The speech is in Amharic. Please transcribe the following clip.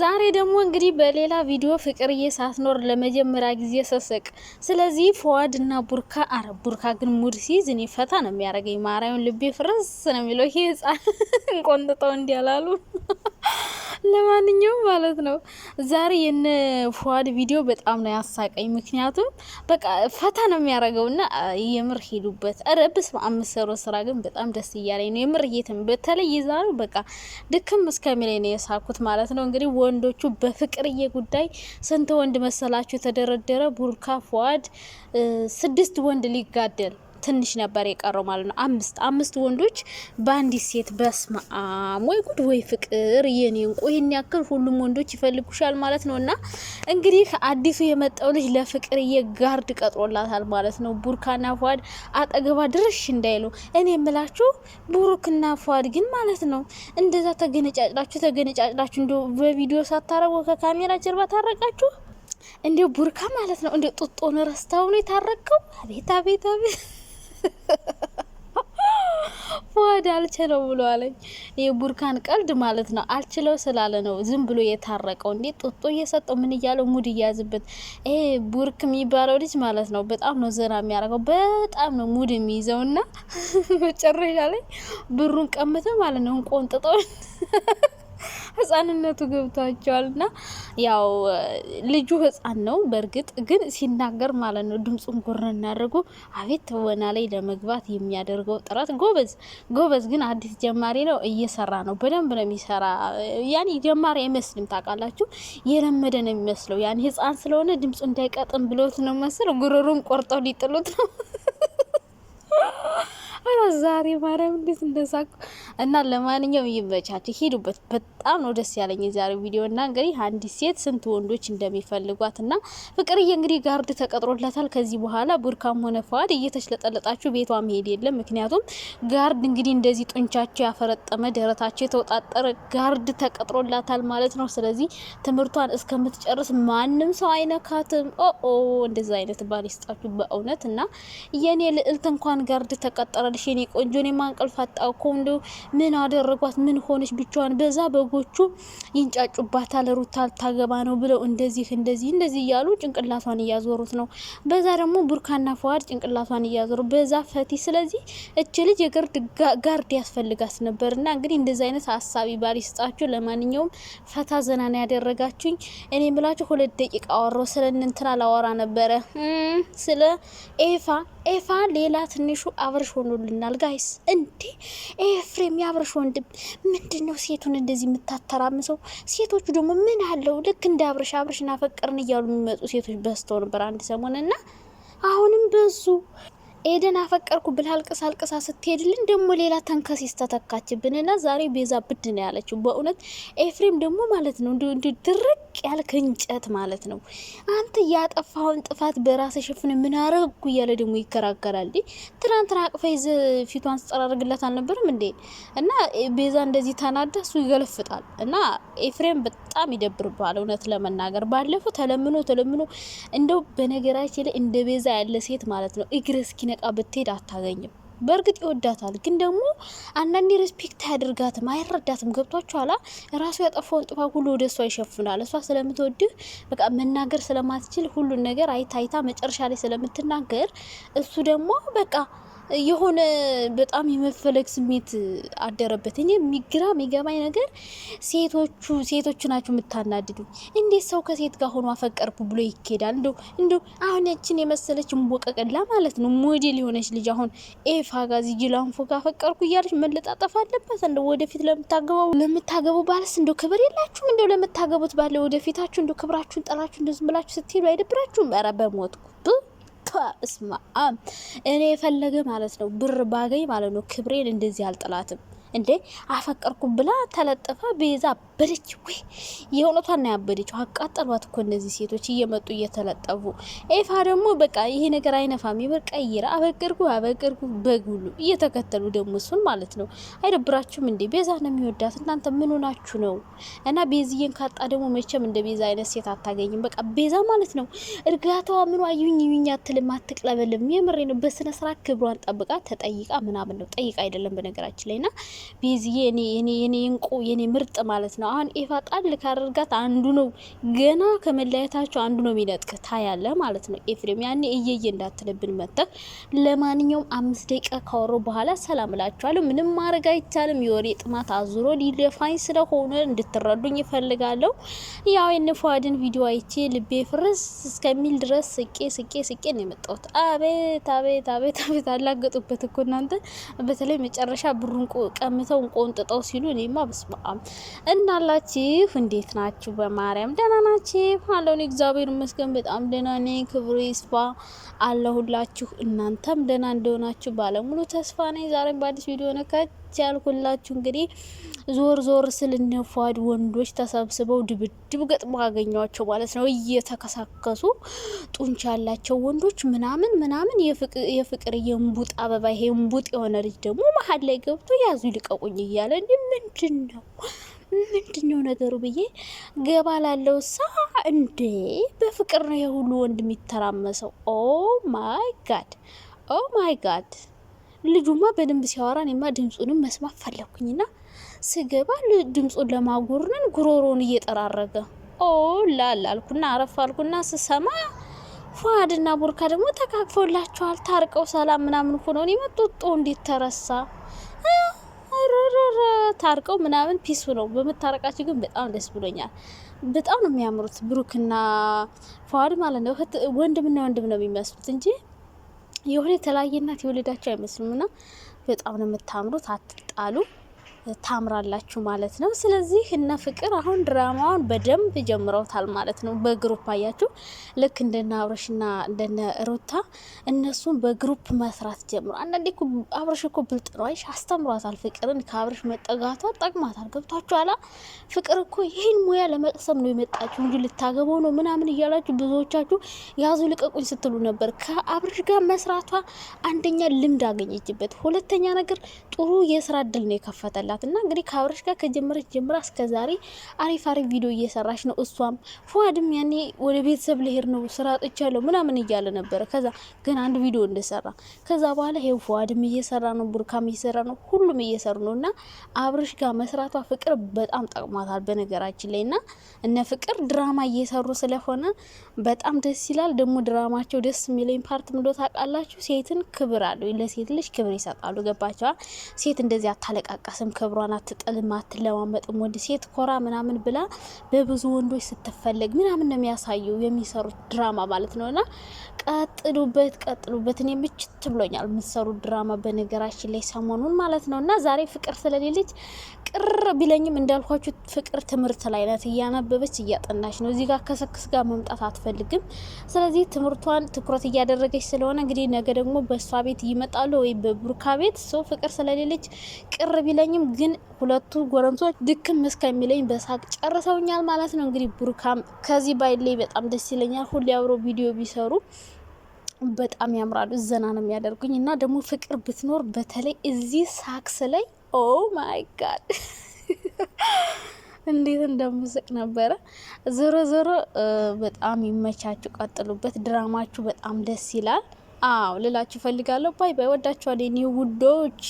ዛሬ ደግሞ እንግዲህ በሌላ ቪዲዮ ፍቅርዬ ሳትኖር ለመጀመሪያ ጊዜ ሰሰቅ። ስለዚህ ፎዋድ እና ቡርካ አረ ቡርካ ግን ሙድ ሲይዝ እኔ ፈታ ነው የሚያደርገኝ። ማርያም ልቤ ፍርስ ነው የሚለው። ይሄ ህጻን እንቆንጥጠው እንዲያላሉ ለማንኛውም ማለት ነው ዛሬ የነ ፏድ ቪዲዮ በጣም ነው ያሳቀኝ። ምክንያቱም በቃ ፈታ ነው የሚያደርገው እና የምር ሄዱበት ረብስ በአምስት ስራ ግን በጣም ደስ እያለኝ ነው የምር እየትም በተለይ የዛሬው በቃ ድክም እስከሚለኝ ነው የሳኩት ማለት ነው። እንግዲህ ወንዶቹ በፍቅርዬ ጉዳይ ስንት ወንድ መሰላችሁ የተደረደረ ቡርካ ፏድ ስድስት ወንድ ሊጋደል ትንሽ ነበር የቀረው ማለት ነው። አምስት አምስት ወንዶች በአንዲት ሴት በስማም ወይ ጉድ ወይ ፍቅር የኔ እንቁ፣ ይህን ያክል ሁሉም ወንዶች ይፈልጉሻል ማለት ነው። እና እንግዲህ አዲሱ የመጣው ልጅ ለፍቅርዬ ጋርድ ቀጥሮላታል ማለት ነው። ቡርካና ፏድ አጠገባ ድርሽ እንዳይሉ እኔ የምላችሁ ቡሩክና ፏድ ግን ማለት ነው እንደዛ ተገነጫጭላችሁ ተገነጫጭላችሁ እንደ በቪዲዮ ሳታረጉ ከካሜራ ጀርባ ታረቃችሁ። እንዲ ቡርካ ማለት ነው እንዲ ጡጦን ረስታው ነው የታረቀው። አቤት አቤት አቤት ፉአድ አልችለው ብሎ አለኝ። የቡርካን ቀልድ ማለት ነው። አልችለው ስላለ ነው ዝም ብሎ የታረቀው። እንዴ ጡጦ እየሰጠው ምን እያለው ሙድ እያዝበት። ይሄ ቡርክ የሚባለው ልጅ ማለት ነው በጣም ነው ዘና የሚያደርገው፣ በጣም ነው ሙድ የሚይዘው። ና መጨረሻ ላይ ብሩን ቀምተ ማለት ነው እንቆንጥጠው ህጻንነቱ ገብቷቸዋል። እና ያው ልጁ ህጻን ነው በእርግጥ ግን ሲናገር ማለት ነው ድምፁን ጉር እናደርጉ አቤት ትወና ላይ ለመግባት የሚያደርገው ጥረት ጎበዝ ጎበዝ። ግን አዲስ ጀማሪ ነው እየሰራ ነው በደንብ ነው የሚሰራ። ያኔ ጀማሪ አይመስልም ታውቃላችሁ፣ የለመደ ነው የሚመስለው። ያኔ ህጻን ስለሆነ ድምፁ እንዳይቀጥም ብሎት ነው መስል ጉሮሩን ቆርጠው ሊጥሉት ነው። ዛሬ ማርያም እንዴት እንደሳኩ እና ለማንኛውም ይመቻችሁ፣ ሄዱበት። በጣም ነው ደስ ያለኝ የዛሬው ቪዲዮ እና እንግዲህ አንዲት ሴት ስንት ወንዶች እንደሚፈልጓት እና ፍቅርዬ እንግዲህ ጋርድ ተቀጥሮላታል። ከዚህ በኋላ ቡርካም ሆነ ፈዋድ እየተሽለጠለጣችሁ ቤቷ መሄድ የለም። ምክንያቱም ጋርድ እንግዲህ እንደዚህ ጡንቻቸው ያፈረጠመ ደረታቸው የተወጣጠረ ጋርድ ተቀጥሮላታል ማለት ነው። ስለዚህ ትምህርቷን እስከምትጨርስ ማንም ሰው አይነካትም። ኦ እንደዛ አይነት ባል ይስጣችሁ በእውነት እና የኔ ልዕልት እንኳን ጋርድ ተቀጠረልሽ የኔ ቆንጆ እኔማ እንቅልፍ አጣሁ ኮንዶ ምን አደረጓት? ምን ሆነች? ብቻዋን በዛ በጎቹ ይንጫጩባታል። ሩታ ታገባ ነው ብለው እንደዚህ እንደዚህ እንደዚህ እያሉ ጭንቅላቷን እያዞሩት ነው። በዛ ደግሞ ቡርካና ፈዋድ ጭንቅላቷን እያዞሩ በዛ ፈቲ። ስለዚህ እች ልጅ የገርድ ጋርድ ያስፈልጋት ነበር እና እንግዲህ እንደዚህ አይነት ሀሳቢ ባል ይስጣችሁ። ለማንኛውም ፈታ ዘናና ያደረጋችሁኝ እኔ ብላችሁ ሁለት ደቂቃ አወራው ስለ እንትና ላወራ ነበረ ስለ ኤፋ ኤፋ ሌላ ትንሹ አብርሽ ሆኖልናል ጋይስ። እንዴ ኤፍሬም የአብርሽ ወንድም ምንድን ነው ሴቱን እንደዚህ የምታተራምሰው? ሴቶቹ ደግሞ ምን አለው ልክ እንደ አብርሽ አብርሽ እናፈቀርን እያሉ የሚመጡ ሴቶች በዝተው ነበር አንድ ሰሞን እና አሁንም በዙ። ኤደን አፈቀርኩ ብላ አልቅሳ አልቅሳ ስትሄድልን ደግሞ ሌላ ተንከሲስ ተተካችብንና ዛሬ ቤዛ ብድ ነው ያለችው። በእውነት ኤፍሬም ደግሞ ማለት ነው እንዲ ድርቅ ያልክ እንጨት ማለት ነው። አንተ ያጠፋውን ጥፋት በራስ ሸፍን ምን አረግኩ እያለ ደግሞ ይከራከራል። ትናንትና አቅፋ ይዘ ፊቷን ስጠራርግላት አልነበርም እንዴ? እና ቤዛ እንደዚህ ተናዳ እሱ ይገለፍጣል። እና ኤፍሬም በጣም ይደብርባል። እውነት ለመናገር ባለፈው ተለምኖ ተለምኖ እንደው በነገራችን ላይ እንደ ቤዛ ያለ ሴት ማለት ነው እግር እስኪ ሳትነቃ ብትሄድ አታገኝም። በእርግጥ ይወዳታል፣ ግን ደግሞ አንዳንዴ ሬስፔክት አያደርጋትም፣ አይረዳትም። ገብቷችኋላ ኋላ ራሱ ያጠፋውን ጥፋት ሁሉ ወደ እሷ ይሸፍናል። እሷ ስለምትወድህ በቃ መናገር ስለማትችል ሁሉን ነገር አይታይታ መጨረሻ ላይ ስለምትናገር እሱ ደግሞ በቃ የሆነ በጣም የመፈለግ ስሜት አደረበት። እኔ ሚግራ የሚገባኝ ነገር ሴቶቹ ሴቶች ናቸው የምታናድዱ። እንዴት ሰው ከሴት ጋር ሆኖ አፈቀርኩ ብሎ ይኬዳል? እንዲ እንዲ አሁን ያችን የመሰለች ሞቀቀላ ማለት ነው ሞዴል የሆነች ልጅ አሁን ኤፋ ጋዚ ላንፎ ጋ አፈቀርኩ እያለች መለጣጠፍ አለበት? እንደ ወደፊት ለምታገባው ለምታገባው ባለስ እንደ ክብር የላችሁም? እንደው ለምታገቡት ባለ ወደፊታችሁ እንደ ክብራችሁን ጠላችሁ እንደዝም ብላችሁ ስትሄዱ አይደብራችሁም? ኧረ በሞትኩ እስማ እኔ የፈለገ ማለት ነው ብር ባገኝ ማለት ነው ክብሬን እንደዚህ አልጥላትም። እንዴ አፈቀርኩም ብላ ተለጠፈ ቤዛ አበደች። ወይ የእውነቷን ነው ያበደችው። አቃጠሏት እኮ እነዚህ ሴቶች እየመጡ እየተለጠፉ። ኤፋ ደግሞ በቃ ይሄ ነገር አይነፋም ይበር ቀይረ አበቀርኩ አበቀርኩ በግሉ እየተከተሉ ደግሞ እሱን ማለት ነው። አይደብራችሁም እንዴ? ቤዛ ነው የሚወዳት እናንተ ምን ሆናችሁ ነው? እና ቤዝዬን ካጣ ደግሞ መቼም እንደ ቤዛ አይነት ሴት አታገኝም። በቃ ቤዛ ማለት ነው እርጋታዋ ምኗ ዩኝ ዩኝ አትልም፣ አትቅለበልም። የምሬ ነው። በስነ ክብሯን ጠብቃ ተጠይቃ ምናምን ነው ጠይቃ አይደለም በነገራችን ላይ ና ቤዝዬ እኔ እኔ እኔ እንቁ የኔ ምርጥ ማለት ነው። አሁን ኤፋ ጣል ካደርጋት አንዱ ነው ገና ከመለያየታቸው አንዱ ነው የሚነጥቅ ታያለ ማለት ነው። ኤፍሬም ያኔ እየየ እንዳትልብን መጠቅ። ለማንኛውም አምስት ደቂቃ ካወሮ በኋላ ሰላም እላችኋለሁ። ምንም ማድረግ አይቻልም። የወሬ ጥማት አዙሮ ሊደፋኝ ስለሆነ እንድትረዱኝ ይፈልጋለሁ። ያው የንፏድን ቪዲዮ አይቼ ልቤ ፍርስ እስከሚል ድረስ ስቄ ስቄ ስቄ ነው የመጣሁት። አቤት አቤት አቤት አቤት አላገጡበት እኮ እናንተ በተለይ መጨረሻ ብሩን ቀ ቀምተው ቆንጥጠው ሲሉ እኔማ በስመአብ እናላችሁ እንዴት ናችሁ? በማርያም ደህና ናችሁ? አለሁኝ እግዚአብሔር ይመስገን በጣም ደህና ነኝ። ክብሩ ይስፋ አለሁላችሁ። እናንተም ደህና እንደሆናችሁ ባለሙሉ ተስፋ ነኝ። ዛሬም በአዲስ ቪዲዮ ነካች ያልኩላችሁ እንግዲህ ዞር ዞር ስል እነፏድ ወንዶች ተሰብስበው ድብድብ ገጥሞ አገኘዋቸው ማለት ነው። እየተከሳከሱ ጡንቻ ያላቸው ወንዶች ምናምን ምናምን የፍቅር የእንቡጥ አበባ ይሄ እንቡጥ የሆነ ልጅ ደግሞ መሀል ላይ ገብቶ ያዙ ይልቀቁኝ እያለ ምንድን ነው ምንድን ነው ነገሩ ብዬ ገባ ላለው ሳ እንዴ በፍቅር ነው የሁሉ ወንድ የሚተራመሰው። ኦ ማይ ጋድ ኦ ማይ ጋድ ልጁማ በደንብ ሲያወራ እኔማ ድምፁንም መስማት ፈለግኩኝና ስገባ ድምፁን ለማጉርነን ጉሮሮን እየጠራረገ ኦ ላል አልኩና አረፍ አልኩና ስሰማ ፏድና ቡርካ ደግሞ ተካክፈውላቸዋል። ታርቀው ሰላም ምናምን ሆነው እኔማ ጦጦ እንዴት ተረሳ? ታርቀው ምናምን ፒስ ነው። በምታረቃቸው ግን በጣም ደስ ብሎኛል። በጣም ነው የሚያምሩት ብሩክና ፏድ ማለት ነው። ወንድምና ወንድም ነው የሚመስሉት እንጂ የሆነ የተለያየ እናት የወለዳቸው አይመስሉም እና በጣም ነው የምታምሩት። አትጣሉ። ታምራላችሁ ማለት ነው። ስለዚህ እነ ፍቅር አሁን ድራማውን በደንብ ጀምረውታል ማለት ነው። በግሩፕ አያችሁ፣ ልክ እንደነ አብረሽና እንደነ ሩታ እነሱን በግሩፕ መስራት ጀምሮ አንዳንዴ አብረሽ እኮ ብልጥ ነው አይሽ፣ አስተምሯታል ፍቅርን። ከአብረሽ መጠጋቷ ጠቅማታል። ገብቷችሁ አላ ፍቅር እኮ ይህን ሙያ ለመቅሰም ነው የመጣችሁ እንጂ ልታገበው ነው ምናምን እያላችሁ ብዙዎቻችሁ ያዙ ልቀቁኝ ስትሉ ነበር። ከአብረሽ ጋር መስራቷ አንደኛ ልምድ አገኘችበት፣ ሁለተኛ ነገር ጥሩ የስራ እድል ነው የከፈተላት አላት እና እንግዲህ ከአብረሽ ጋር ከጀመረች ጀምራ እስከ ዛሬ አሪፍ አሪፍ ቪዲዮ እየሰራች ነው። እሷም ፏድም ያኔ ወደ ቤተሰብ ልሄድ ነው ስራ ጥቻለሁ ምናምን እያለ ነበረ። ከዛ ግን አንድ ቪዲዮ እንደሰራ ከዛ በኋላ ይኸው ፏድም እየሰራ ነው፣ ቡርካም እየሰራ ነው፣ ሁሉም እየሰሩ ነው እና አብረሽ ጋር መስራቷ ፍቅር በጣም ጠቅሟታል። በነገራችን ላይ እና እነ ፍቅር ድራማ እየሰሩ ስለሆነ በጣም ደስ ይላል። ደግሞ ድራማቸው ደስ የሚለኝ ፓርት ምዶ ታውቃላችሁ፣ ሴትን ክብር አለው ለሴት ልጅ ክብር ይሰጣሉ። ገባቸዋል። ሴት እንደዚህ አታለቃቀስም ክብሯን አትጥልም፣ አትለማመጥም፣ ወንድ ሴት ኮራ ምናምን ብላ በብዙ ወንዶች ስትፈለግ ምናምን ነው የሚያሳየው የሚሰሩት ድራማ ማለት ነው። እና ቀጥሉበት፣ ቀጥሉበት። እኔ ምችት ብሎኛል የምትሰሩት ድራማ በነገራችን ላይ ሰሞኑን ማለት ነው። እና ዛሬ ፍቅር ስለሌለች ቅር ቢለኝም እንዳልኳችሁ ፍቅር ትምህርት ላይ ናት፣ እያነበበች እያጠናች ነው። እዚህ ጋር ከሰክስ ጋር መምጣት አትፈልግም። ስለዚህ ትምህርቷን ትኩረት እያደረገች ስለሆነ እንግዲህ ነገ ደግሞ በእሷ ቤት ይመጣሉ ወይ በቡርካ ቤት ሰው ፍቅር ስለሌለች ቅር ቢለኝም ግን ሁለቱ ጎረምሶች ድክም እስከሚለኝ በሳቅ ጨርሰውኛል ማለት ነው። እንግዲህ ቡርካም ከዚህ ባይለይ በጣም ደስ ይለኛል። ሁሌ አብሮ ቪዲዮ ቢሰሩ በጣም ያምራሉ፣ ዘና ነው የሚያደርጉኝ። እና ደግሞ ፍቅር ብትኖር በተለይ እዚህ ሳክስ ላይ ኦ ማይ ጋድ እንዴት እንደምስቅ ነበረ። ዞሮ ዞሮ በጣም ይመቻችሁ፣ ቀጥሉበት። ድራማችሁ በጣም ደስ ይላል። አዎ ልላችሁ ፈልጋለሁ። ባይ ባይ። ወዳችኋል የኔ ውዶች።